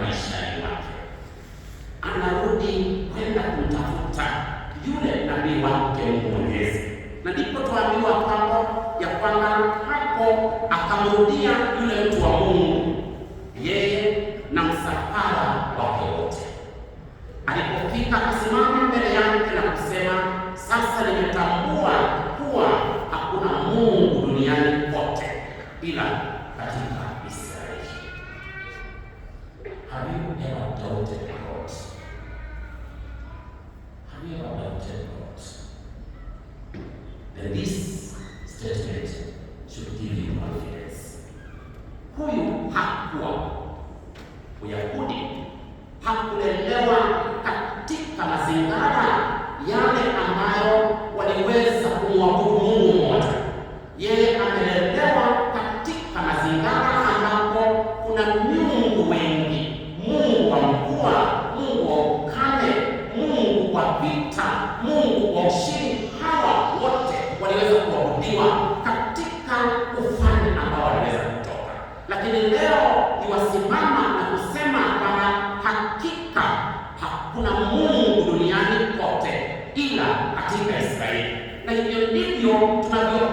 na maslahi wake, anarudi kwenda kumtafuta yule nabii wake Mwenyezi, na ndipo tuambiwa kwamba ya kwamba hapo akamrudia yule mtu wa melted gods? Have you ever melted gods? Then this statement should give you confidence. have, hakuwa Myahudi, hakulelewa a mazingira Mungu wa ushindi. Hawa wote waliweza kuabudiwa katika ufalme ambao waliweza kutoka, lakini leo ni wasimama na kusema kwamba hakika hakuna Mungu duniani kote ila katika Israeli, na hivyo ndivyo tunavyo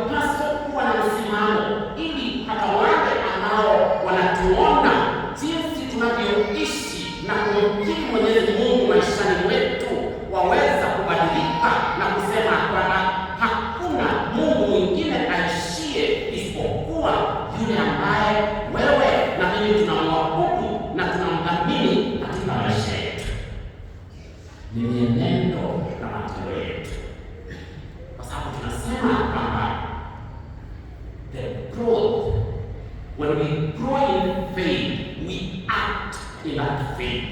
employing faith, we act in that faith.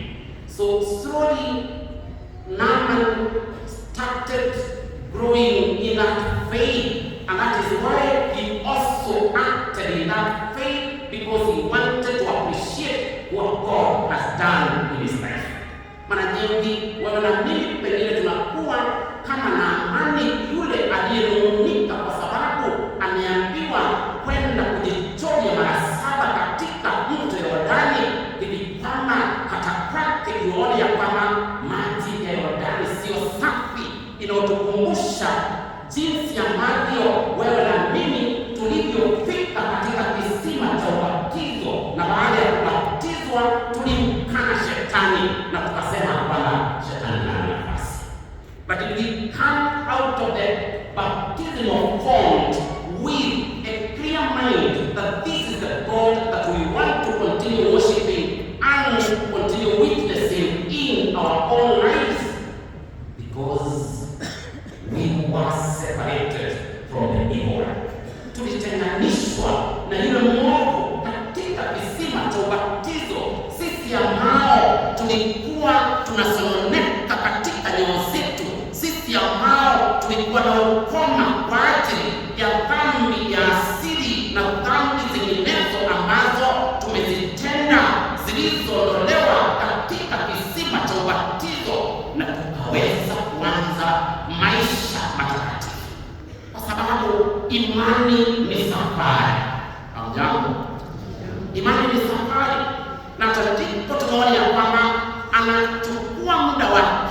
So slowly, Naaman started growing in that faith, and that is why he also acted in that faith because he wanted to appreciate what God has done in his life. Mara nyingi wanaamini pengine tunakuwa kama Naamani yule aliyenung'unika kwa sababu ameambiwa kwenda kujichoja mara inayotukumbusha jinsi ambavyo wewe na mimi tulivyofika katika kisima cha ubatizo, na baada ya kubatizwa tulimkana shetani na tukasema hapana, shetani hana nafasi. But we come out of the baptismal font with a clear mind that this is the God kuteswa na yule kwenye safari, na taratibu tunaona ya kwamba anachukua muda wake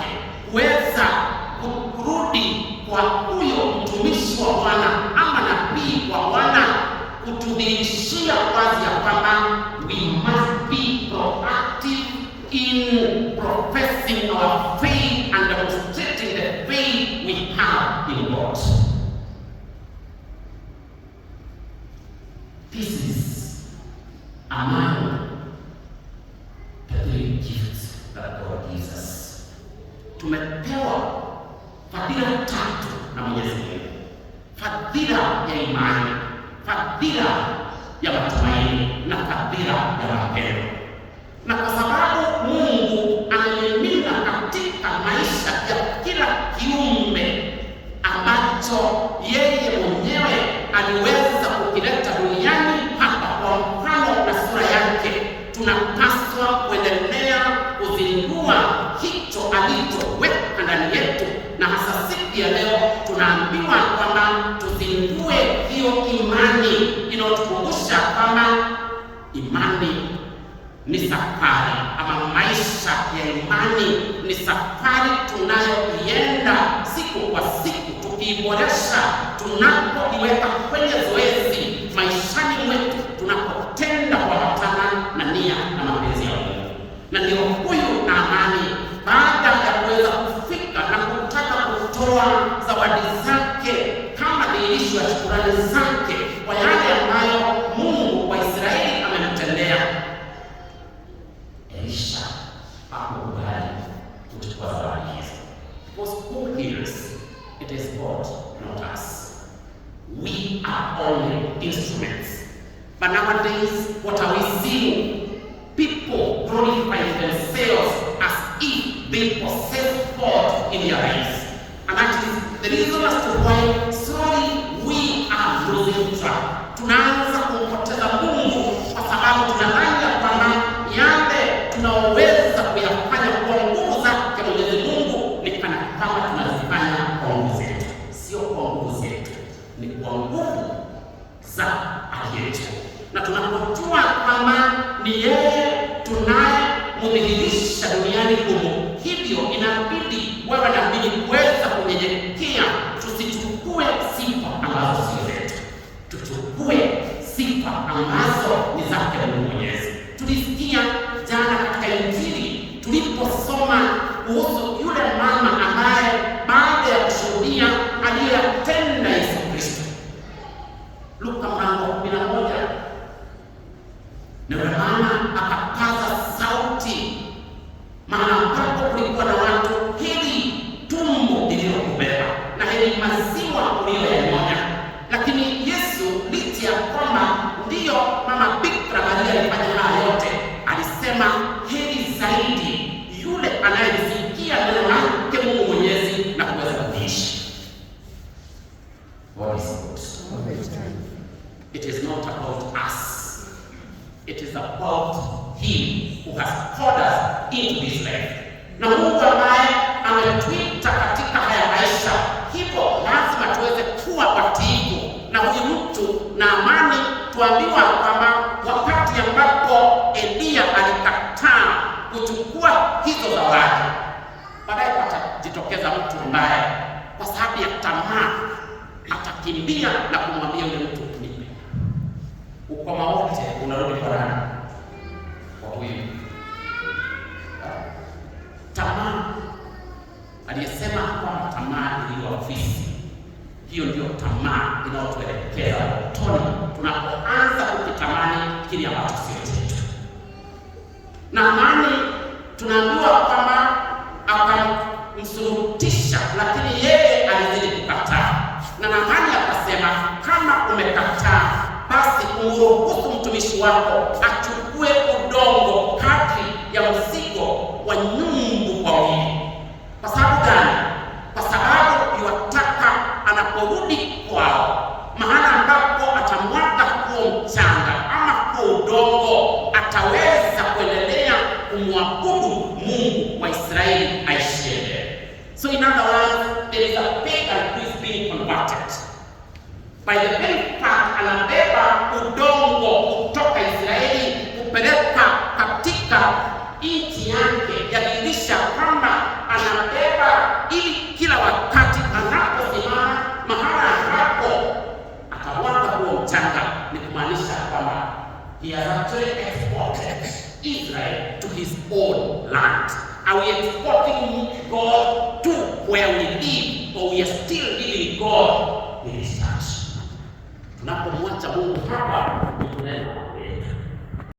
tumepewa fadhila tatu na Mwenyezi Mungu: fadhila ya imani, fadhila ya matumaini na fadhila ya mapendo. Na kwa sababu Mungu amemimina katika maisha tunaambiwa kwamba tuzingue hiyo imani inayotukumbusha kwamba imani ni safari ama maisha ya imani ni safari tunayoienda siku kwa siku, tukiiboresha, tunapoiweka kwenye ใหญ่ It is about him who has called us into this life. Na Mungu ambaye ametuita katika haya maisha, hivyo lazima tuweze kuwa watiifu na huyu mtu na amani. Tuambiwa kwamba wakati ambapo Eliya alikataa kuchukua hizo zawadi, baadaye patajitokeza mtu ambaye kwa sababu ya tamaa atakimbia na kumwambia yule mtu ukoma wote unarudi kwa nani? Kwa huyu. Tamaa aliyesema kwamba tamaa ofisi hiyo ndio tamaa inayotuelekeza utoni, tunapoanza kukitamani kile ambacho sio chetu na amani tunaambiwa kwamba wako achukue udongo kati ya mzigo wa nyungu kwa Kwa sababu gani? Kwa sababu iwataka anaporudi kwao, mahala ambapo atamwaga huo mchanga ama huo udongo, ataweza kuendelea kumwabudu Mungu wa Israeli aishie. So in other words, there is a pig and being converted by the mahakama, he has actually exported Israel to his own land. Are we exporting God to where we live or we are still living God in his church? Tunapomwacha Mungu hapa, tunaenda